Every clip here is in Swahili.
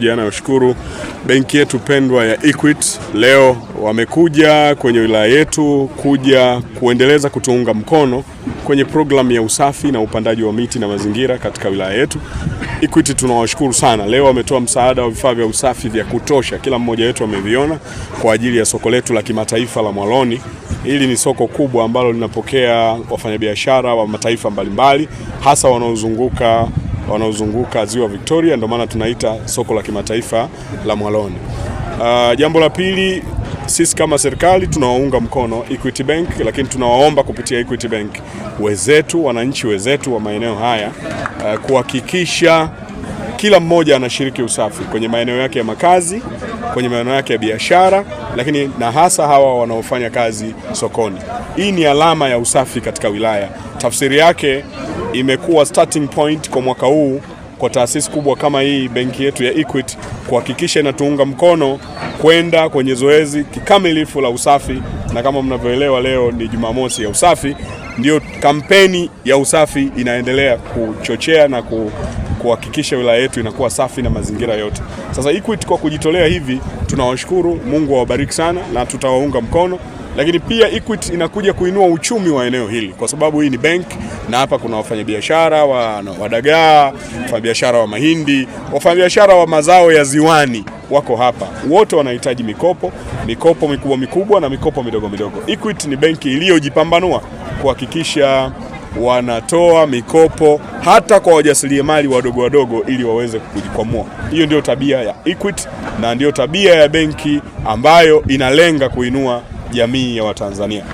moja, nayoshukuru benki yetu pendwa ya Equity. Leo wamekuja kwenye wilaya yetu kuja kuendeleza kutuunga mkono kwenye programu ya usafi na upandaji wa miti na mazingira katika wilaya yetu. Equity tunawashukuru sana. Leo wametoa msaada wa vifaa vya usafi vya kutosha, kila mmoja wetu ameviona kwa ajili ya soko letu la kimataifa la Mwaloni. Hili ni soko kubwa ambalo linapokea wafanyabiashara wa mataifa mbalimbali, hasa wanaozunguka wanaozunguka ziwa Victoria, ndio maana tunaita soko la kimataifa la Mwaloni. Uh, jambo la pili sisi kama serikali tunawaunga mkono Equity Bank, lakini tunawaomba kupitia Equity Bank wezetu, wananchi wezetu wa maeneo haya uh, kuhakikisha kila mmoja anashiriki usafi kwenye maeneo yake ya makazi, kwenye maeneo yake ya biashara, lakini na hasa hawa wanaofanya kazi sokoni. Hii ni alama ya usafi katika wilaya. Tafsiri yake imekuwa starting point kwa mwaka huu kwa taasisi kubwa kama hii benki yetu ya Equity kuhakikisha inatuunga mkono kwenda kwenye zoezi kikamilifu la usafi, na kama mnavyoelewa leo ni Jumamosi ya usafi, ndio kampeni ya usafi inaendelea kuchochea na ku kuhakikisha wilaya yetu inakuwa safi na mazingira yote. Sasa Equity kwa kujitolea hivi, tunawashukuru, Mungu awabariki sana na tutawaunga mkono lakini pia Equity inakuja kuinua uchumi wa eneo hili kwa sababu hii ni bank na hapa kuna wafanyabiashara wa wadagaa, wafanyabiashara wa mahindi, wafanyabiashara wa mazao ya ziwani wako hapa, wote wanahitaji mikopo, mikopo mikubwa mikubwa na mikopo midogo midogo. Equity ni benki iliyojipambanua kuhakikisha wanatoa mikopo hata kwa wajasiriamali wadogo wadogo ili waweze kujikwamua. Hiyo ndiyo tabia ya Equity na ndiyo tabia ya benki ambayo inalenga kuinua jamii ya Watanzania.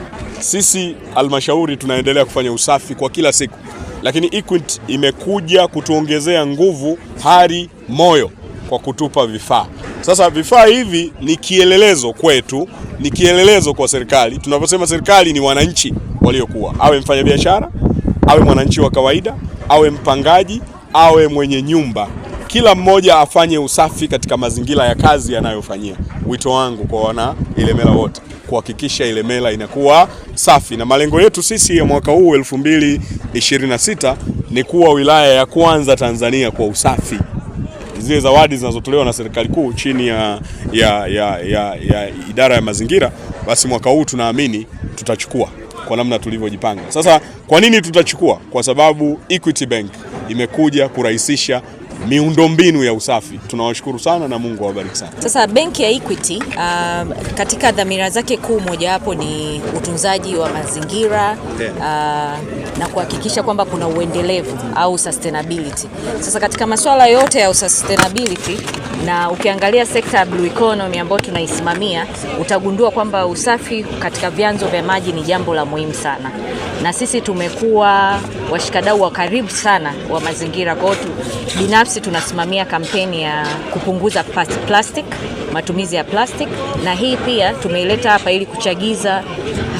Sisi halmashauri tunaendelea kufanya usafi kwa kila siku, lakini Equity imekuja kutuongezea nguvu, hari, moyo kwa kutupa vifaa. Sasa vifaa hivi ni kielelezo kwetu, ni kielelezo kwa serikali. Tunaposema serikali ni wananchi waliokuwa, awe mfanyabiashara, awe mwananchi wa kawaida, awe mpangaji, awe mwenye nyumba, kila mmoja afanye usafi katika mazingira ya kazi yanayofanyia. Wito wangu kwa wana Ilemela wote kuhakikisha Ilemela inakuwa safi, na malengo yetu sisi ya mwaka huu 2026 ni kuwa wilaya ya kwanza Tanzania kwa usafi. Zile zawadi zinazotolewa na serikali kuu chini ya, ya, ya, ya, ya idara ya mazingira, basi mwaka huu tunaamini tutachukua kwa namna tulivyojipanga. Sasa kwa nini tutachukua? Kwa sababu Equity Bank imekuja kurahisisha miundombinu ya usafi. Tunawashukuru sana na Mungu awabariki sana. Sasa benki ya Equity uh, katika dhamira zake kuu mojawapo ni utunzaji wa mazingira uh, na kuhakikisha kwamba kuna uendelevu au sustainability. Sasa katika masuala yote ya sustainability na ukiangalia sekta ya blue economy ambayo tunaisimamia utagundua kwamba usafi katika vyanzo vya maji ni jambo la muhimu sana, na sisi tumekuwa washikadau wa karibu sana wa mazingira kwa binafsi binafsi tunasimamia kampeni ya kupunguza plastic, matumizi ya plastic, na hii pia tumeileta hapa ili kuchagiza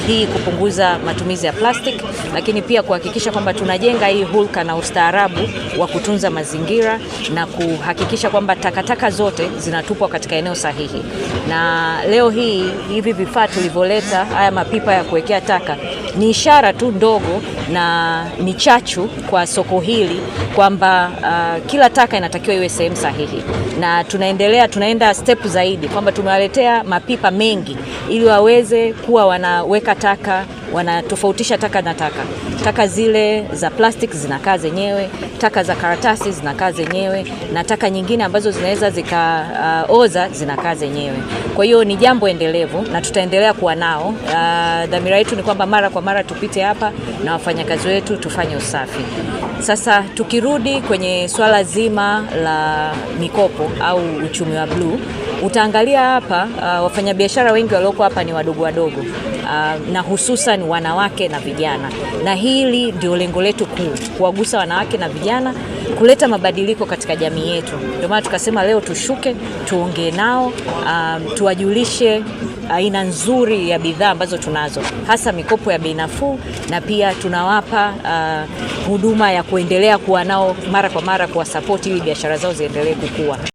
hii kupunguza matumizi ya plastic, lakini pia kuhakikisha kwamba tunajenga hii hulka na ustaarabu wa kutunza mazingira na kuhakikisha kwamba takataka zote zinatupwa katika eneo sahihi. Na leo hii hivi vifaa tulivyoleta, haya mapipa ya kuwekea taka, ni ishara tu ndogo na ni chachu kwa soko hili kwamba uh, kila taka inatakiwa iwe sehemu sahihi, na tunaendelea tunaenda step zaidi kwamba tumewaletea mapipa mengi ili waweze kuwa wanaweka taka wanatofautisha taka na taka. Taka zile za plastic zinakaa zenyewe, taka za karatasi zinakaa zenyewe, na taka nyingine ambazo zinaweza zikaoza uh, zinakaa zenyewe. Kwa hiyo ni jambo endelevu na tutaendelea kuwa nao. Uh, dhamira yetu ni kwamba mara kwa mara tupite hapa na wafanyakazi wetu tufanye usafi. Sasa tukirudi kwenye swala zima la mikopo au uchumi wa bluu, utaangalia hapa uh, wafanyabiashara wengi walioko hapa ni wadogo wadogo uh, na hususan wanawake na vijana, na hili ndio lengo letu kuu, kuwagusa wanawake na vijana, kuleta mabadiliko katika jamii yetu. Ndio maana tukasema leo tushuke, tuongee nao, uh, tuwajulishe aina nzuri ya bidhaa ambazo tunazo hasa mikopo ya bei nafuu, na pia tunawapa uh, huduma ya kuendelea kuwa nao mara kwa mara, kuwasapoti ili biashara zao ziendelee kukua.